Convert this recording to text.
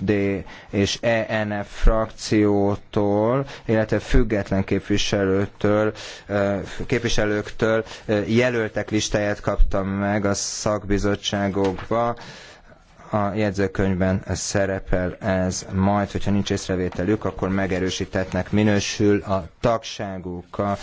D és ENF frakciótól, illetve független képviselőtől, képviselőktől jelöltek listáját kaptam meg a szakbizottságokba. A jegyzőkönyvben szerepel ez majd, hogyha nincs észrevételük, akkor megerősítetnek minősül a tagságuk. A